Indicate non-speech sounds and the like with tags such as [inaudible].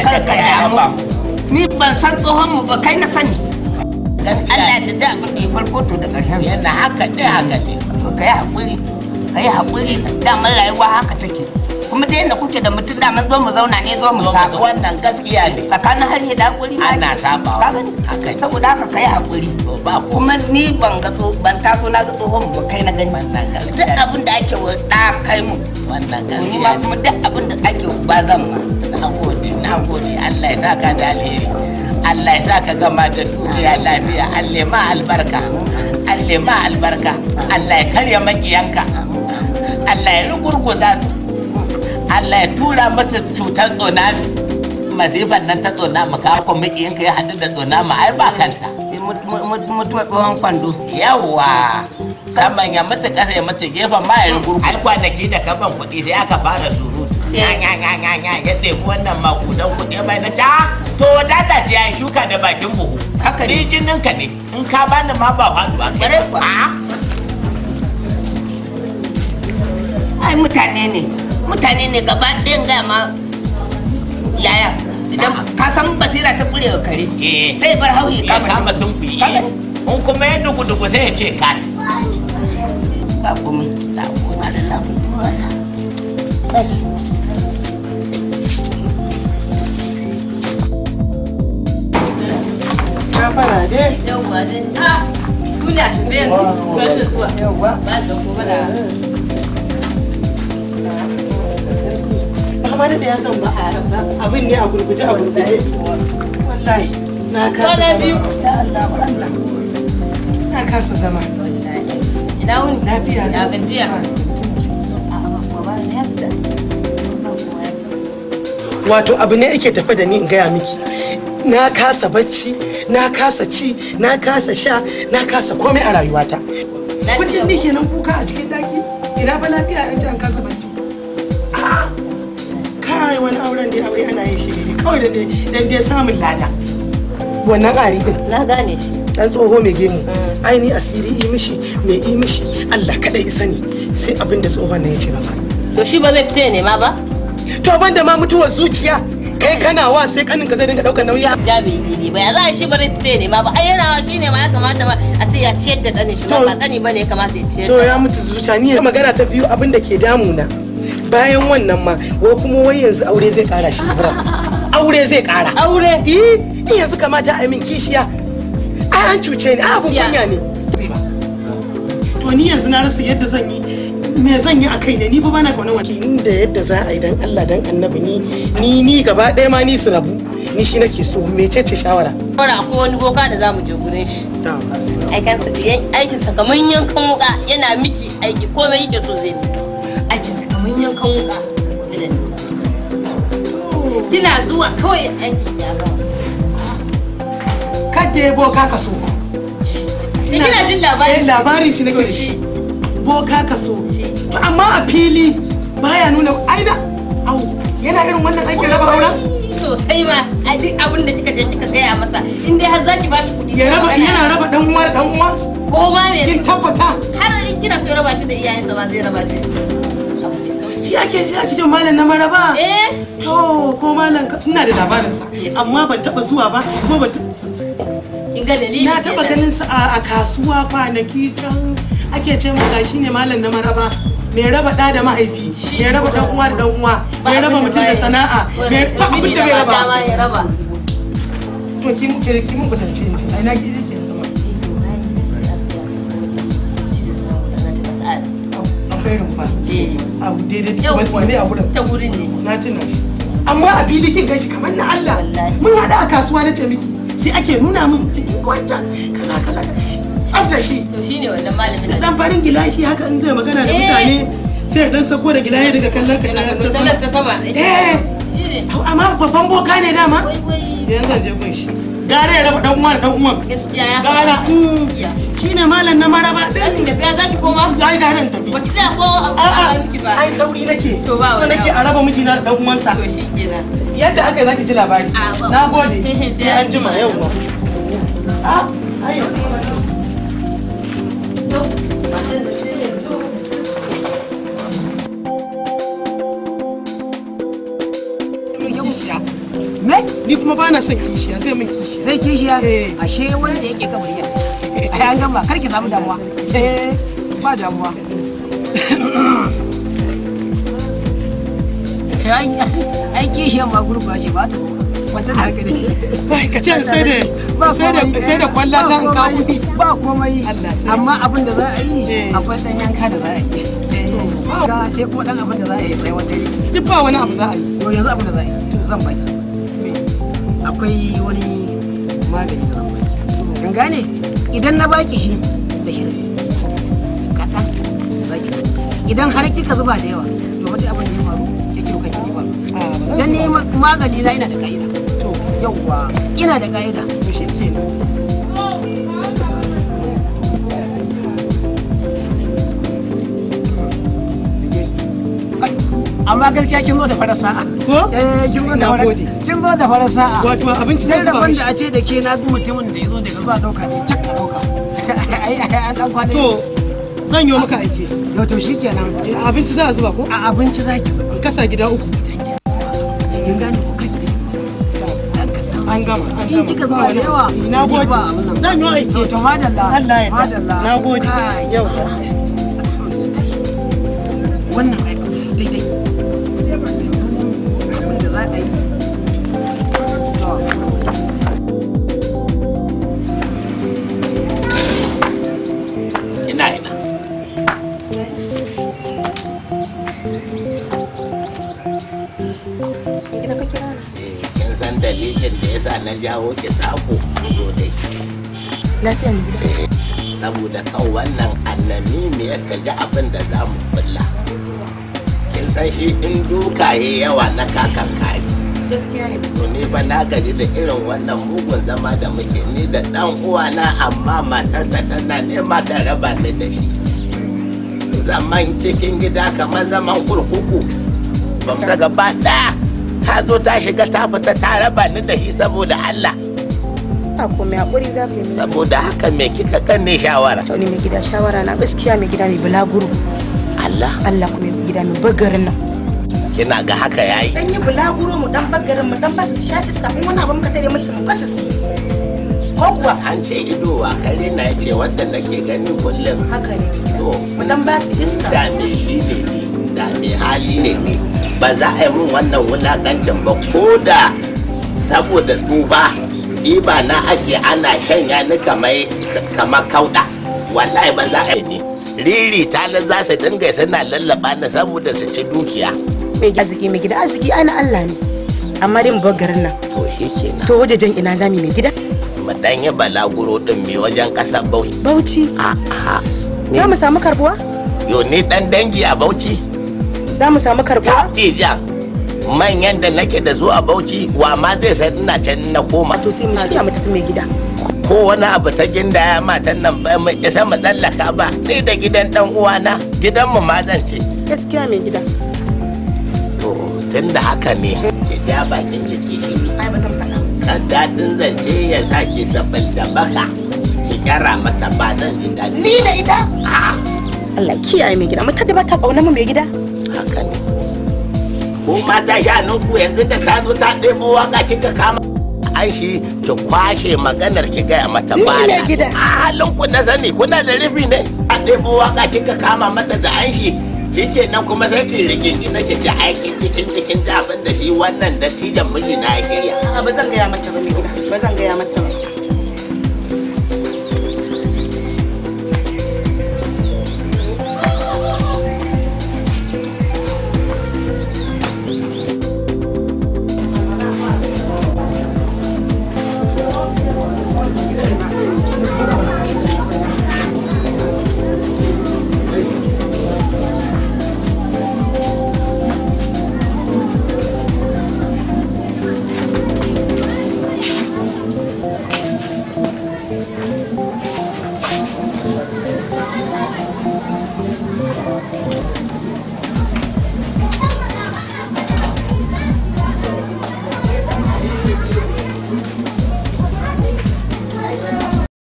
kar ka damu ni ban san tsohon mu ba kai na sani Allah da da abin da ya farko to da ƙarshen yana haka ne haka ne to kai hakuri kai hakuri damar rayuwa haka take kuma da yadda kuke da mutum da mun zo mu zauna ne zo mu saba wannan gaskiya ne tsakanin har da hakuri ma ana saba ka gani haka saboda haka kai hakuri ba kuma ni ban ga ban taso na ga tsohon ba kai na gani wannan gaskiya duk abin da ake wa da kai mu wannan gaskiya kuma duk abin da ake ba zan ma na gode na gode Allah ya saka da alheri Allah ya saka gama da duniya lafiya Allah ma albarka Allah ma albarka Allah ya karya makiyanka Allah ya rugurguza su Allah ya tura masa cutar tsunami masifan nan ta tsunami ka ko makiyanka ya haɗu da tsunami ai ba kanta mutuwa tsohon kwando yawa saman ya mutu kasa ya mutu gefen ma ya rugurgu ai kwanaki da kaban kuɗi sai aka fara surutu ya ɗebi wannan makudan kuɗi bai na ca to ta ce ya shuka da bakin buhu haka ne jinin ka ne in ka bani ma ba a' bare ba ai mutane ne mutane ne gaba ɗayan ga ma yaya idan ah. ka san basira ta ƙurewa kare eh. sai bar hauyi eh, kama tunkuyi in kuma ya dugu-dugu sai ya ce ka ba kuma ta kuma da lafi ba gafara dai yawwa ha zuwa yawwa ba kuma da da ya san ba abin ne a gurguje a gurguje wallahi na kasa ya Allah wa Allah na kasa zama ina wuni lafiya gajiya wato abu ne yake tafe da ni in gaya miki na kasa bacci na kasa ci na kasa sha na kasa komai a rayuwata kudin ni kenan kuka a cikin daki ina ba lafiya an ji an kasa bacci a'a kai wani auren da aure ana yin shi ne kawai da ne dan dai samun lada wannan ari din na gane shi dan tsoho mai gemu mm. ai ni asiri yi mishi mai yi mishi Allah kadai sani, sai abin da tsohon nan ya ce masa to shi ba zai fita ne ma ba to banda da ma mutuwar zuciya kai kana wa sai kanin ka zai dinga daukar nauyi jabi ne ba ya za shi bari fite ne ma ba ai yana shi ne ma ya kamata ma a ce ya ciyar da kanin shi ba kani bane ya kamata ya ciyar to ya mutu zuciya ni magana ta biyu abin da ke damuna bayan wannan ma wa kuma wai yanzu aure zai kara shi [laughs] aure zai kara aure eh yanzu kamata a yi min kishiya a an cuce ni a abun kunya ne to ni yanzu na rasa yadda zan yi me zan yi a kai ne ni ba bana kaunar wani inda yadda za a yi dan Allah dan annabi ni ni ni gaba ɗaya ma ni su rabu ni shi nake so mecece shawara shawara akwai wani boka da zamu je gurin shi Aikin sa kaman yankan wuka yana miki aiki komai yake so zai miki aikinsa kamar yankan wuka kina zuwa kawai aikin ya Ka kake boka ka so kina jin labarin eh, shi labarin shi nake shi boka ka so to amma a fili baya nuna aina au yana irin wannan aikin raba auren sosai ma a duk abin da kika je kika gaya masa in dai har zaki bashi kuɗi ya raba yana raba dan uwa da dan uwa ko ma me kin tabbata har in kina so raba shi da iyayensa ba zai raba shi yake ji ake jin malam na maraba eh to ko malam ina da labarin sa amma ban taba zuwa ba kuma ban taba in ga dalili na taba ganin sa a kasuwa kwanaki can ake ce maka shine malam na maraba mai raba da da mahaifi mai raba dan uwa da dan uwa mai raba mutum da sana'a mai ba abin da raba to ki mu ki mu ce ni ai na ki zama ne na tuna shi amma a fili kin kamar na Allah mun haɗu a kasuwa na ce sai ake nuna min cikin kwancan kaza kaza tsafta shi to shine wannan malamin da dan farin gilashi haka in zai magana da eh. mutane sai dan sako da gilashi daga kallon ka na ta sama eh shine amma babban boka ne dama yanzu eh, je gun shi gara ya raba dan uwa da dan uwa gaskiya ya gara hmm. shine malam na maraba din da fiya zaki koma ai da nan tafi wata da ko a miki ba ai sauri nake to ba nake a raba miji na dan uwansa to shikenan yadda aka zaki ji labari nagode [laughs] sai an jima yau ah ayo ni kuma bana son kishiya zai min kishiya zai kishiya eh. ashe wanda yake ai an gama kar ki samu damuwa ce eh, ba damuwa ai kishiyan ma gurba ce ba ta gurba wanda da haka ne ka ce sai da sai da kwalla ta an kawo kuɗi ba komai amma abin da za a yi eh. akwai dan yanka da za a yi eh. ga sai kuma dan abin da za a yi sai wata duk ba wani abu za a yi to yanzu abin da za a yi zan baki akwai wani magani da zan baki kin gane idan na baki shi da shirfi kaɗan zaki idan har kika zuba da yawa to wata abin da ya faru kike kuka ki ah, ba dan ne magani na ina da ka'ida yauwa ina da ka'ida to shi ke amma gaskiya kin zo da fara sa'a ko eh kin zo da fara kin zo fara sa'a wato abinci da zuba wanda a ce da ke na duk mutumin da ya zo daga zuwa dauka ne cak dauka [laughs] ai ai an dan kwana to zan yi maka aiki yau to shikenan eh, abinci za a zuba ko a abinci za ki zuba kasa gida uku kin gane an gama in kika zuwa da yawa na gode zan yi aiki to madalla madalla na gode yau wannan san dalilin da yasa na jawo ki sako zo da ki lafiyan gida eh, saboda kan wannan annami me ya ji abin da zamu mu kulla kin san shi in duka ya yawa na kakan kaji gaskiya ne ni ba na gari da irin wannan mugun zama da muke ni da dan uwana amma matarsa tana nema ta raba ni da shi zaman cikin gida kamar zaman kurkuku ba mu gaba ɗaya ta zo ta shiga ta fita ta raba ni da shi saboda Allah a komai hakuri za ka yi saboda haka me kika kan ne shawara to ni mai gida shawara na gaskiya mai gida mai bulaguro Allah Allah kuma mai gida mai bagarin nan kina ga haka yayi dan yi bulaguro mu dan bagarin mu dan basu sha iska in wani abu muka tare musu mu basu su ko kuwa an ce ido wa kare na yace wanda nake gani kullum haka ne to mu dan basu iska da me shi ne da me hali ne ne ba za a yi mun wannan wulakancin ba ko da saboda tsufa ba na ake ana shanya ni kamar kauda wallahi ba za a yi ne riri ta la za su dinga suna lallaba na saboda su ci dukiya mai arziki mai gida arziki ana allah ne amma din bagarin nan to shi kenan to jan ina zami mai gida mu dan balaguro din mai wajen kasa bauchi bauchi a a za mu samu karbuwa yo ni dan dangi a bauchi za mu samu karbuwa? Tabija manyan da nake da zuwa bauchi wa ma zai sai ina can na koma. To sai mu shirya mu tafi mai gida. Ko wani abu ta gindaya matan nan ba mu isa mu tsallaka ba ni da gidan dan uwana gidan mu ma zan ce. Gaskiya mai gida. To tun da haka ne ki ja bakin ciki shi. Ai ba zan faɗa. Kan daɗin zance ya sake sabbin da baka ki kara mata ba zan ji daɗi. Ni da ita? Allah kiyaye mai gida mu da ba ta ƙaunar mu mai gida. haka ne ko mata shanunku yanzu da ta zo ta ɗebo waka kika kama an shi ki kwashe maganar ki gaya mata baya a halinku na sani kuna da rufi ne a ɗebo waka kika kama mata da an shi shi nan kuma sai ki rigingi na ki ce aikin jikin jikin abin da shi wannan dattijan miji na shirya ba zan gaya mata ba ne ba zan gaya mata ba